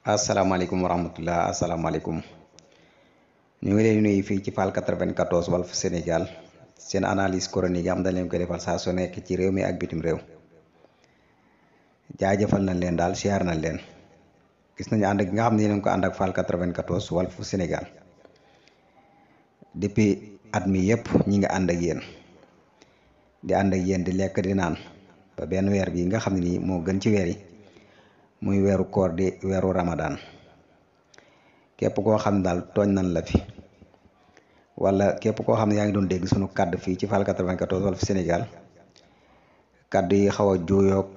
asalaamaaleykum wa rahmatulah asalaamaaleykum ñu ngi leen nuy fii ci Fall 94 Walf Sénégal seen analyse chronique yi am dañ leen koy defal saa su nekk ci réew mi ak bitim réew jaajëfal nañ leen daal siyaar nañ leen gis nañu ànd nga xam ne yéen ko ànd ak Fall 94 Walf Sénégal depuis at mi yëpp ñi ngi ànd ak yéen di ànd ak yéen di lekk di naan ba benn weer bii nga xam ne nii moo gën ci weer yi. muy weeru koor di weeru ramadaan képp koo xam ne daal tooñ nan la fi wala képp koo xam ne yaa ngi doon dégg sunu kàdd fii ci Fall 94 Walf senegal kàddu yi xaw a juuyoog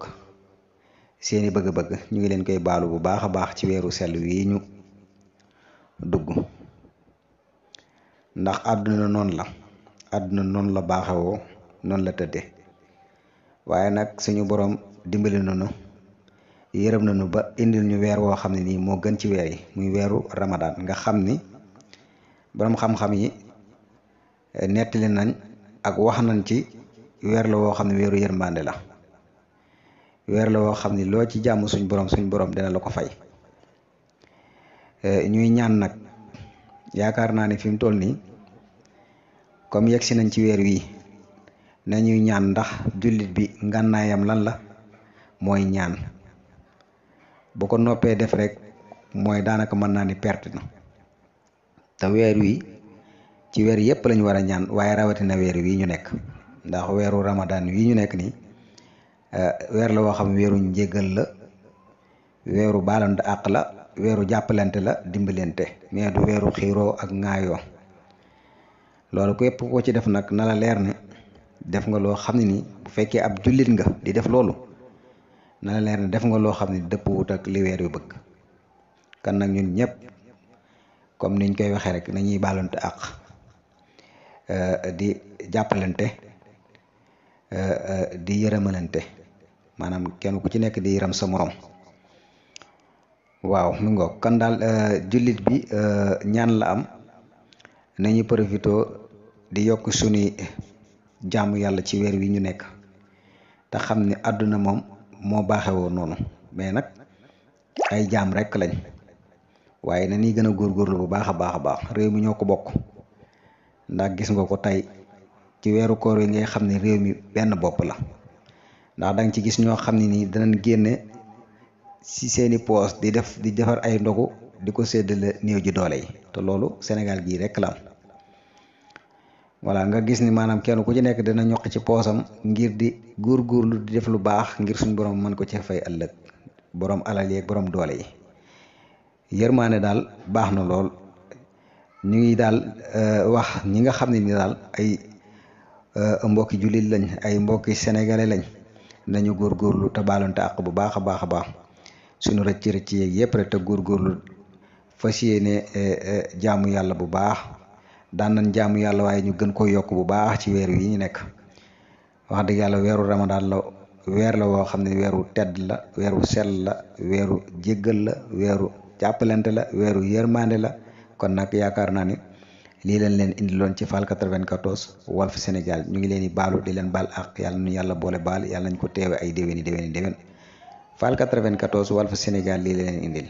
seeni bëgg-bëgg ñu ngi leen koy baalu bu baax a baax ci weeru sell wii ñu dugg ndax àdduna noonu la àdduna noonu la baaxawoo noonu la tëdde waaye nag suñu boroom dimbali nañu yërëm nañu ba indi ñu weer woo xam ne nii moo gën ci weer yi muy weeru ramadaan nga xam ni boroom xam-xam yi eh, nettali nañ ak wax nañ ci weer la woo xam ne weeru yërmande la weer la woo xam ne loo ci jàmm suñ borom suñ borom dina la ko fay eh, ñuy ñaan nag yaakaar naa ne fi mu toll nii comme yegsi nañ ci weer wii ñuy ñaan ndax jullit bi ngànnaayam lan la mooy ñaan bu ko noppee def rek mooy daanaka mën naa ni perte na te weer wi ci weer yëpp lañu war a ñaan waaye rawatina weer wii ñu nekk ndax weeru ramadan wii ñu nekk nii eh, weer la woo xam weeru njégal la weeru baalante àq la weeru jàppalante la dimbalante mais du weeru xiiroo ak ŋaayoo loolu képp ko ci def nag na la leer ne def nga loo xam ne ni bu fekkee ab jullit nga di def loolu na la leer ne def nga loo xam ne dëppwut ak li weer bi bëgg kan nag ñun ñëpp comme niñ koy waxee rek nañuy baalante àq euh, di jàppalante euh, di yërëmalante maanaam kenn ku ci nekk di yërëm sa morom waaw mu ngoog kan daal euh, jullit bi ñaan la am nañu profito di yokk suñuy jaamu yàlla ci weer wi ñu nekk te xam ne àdduna moom moo baaxewoo noonu mais nag ay jaam rek lañ waaye na ni gën a góorgóorlu bu baax a baax a baax réew mi ñoo ko bokk ndax gis nga ko tey ci weeru koor yi ngay xam ne réew mi benn bopp la ndax danga ci gis ñoo xam ne nii danañ génne si seeni poos di def di defar ay ndogu di ko séddale néew ji doole yi te loolu Sénégal gii rek la voilà nga gis ni maanaam kenn ku ci nekk dina ñoq ci poosam ngir di góorgóorlu di def lu baax ngir suñ boroom mën ko ci fay ëllëg boroom alal yeeg borom doole yi yërmaane daal baax na lool ñu ngi daal euh, wax ñi nga xam ne ni daal ay euh, mbokki jullit lañ ay mbokki sénégalais lañ nañu góor góorgóorlu te baalonte àq bu baax a baax a baax suñu rëcc rëcc yeeg yëpp góor te góorgóorlu fas yéene euh, jaamu yàlla bu baax daan nañ jaamu yàlla waaye ñu gën ko yokk bu baax ci weer wi ñu nekk wax dëgg yàlla weeru ramadaan la weer la woo xam ne weeru tedd la weeru sell la weeru jéggal la weeru jàppalante la weeru yërmande la kon nag yaakaar naa ni lii leen leen indiloon ci Fall 94 Walf senegal ñu ngi leen di baalu di leen baal ak yàlla nu yàlla boole baal yàlla nañ ko teewe ay déwéni déwéni déwén Fall wal Walf Sénégal lii leen indil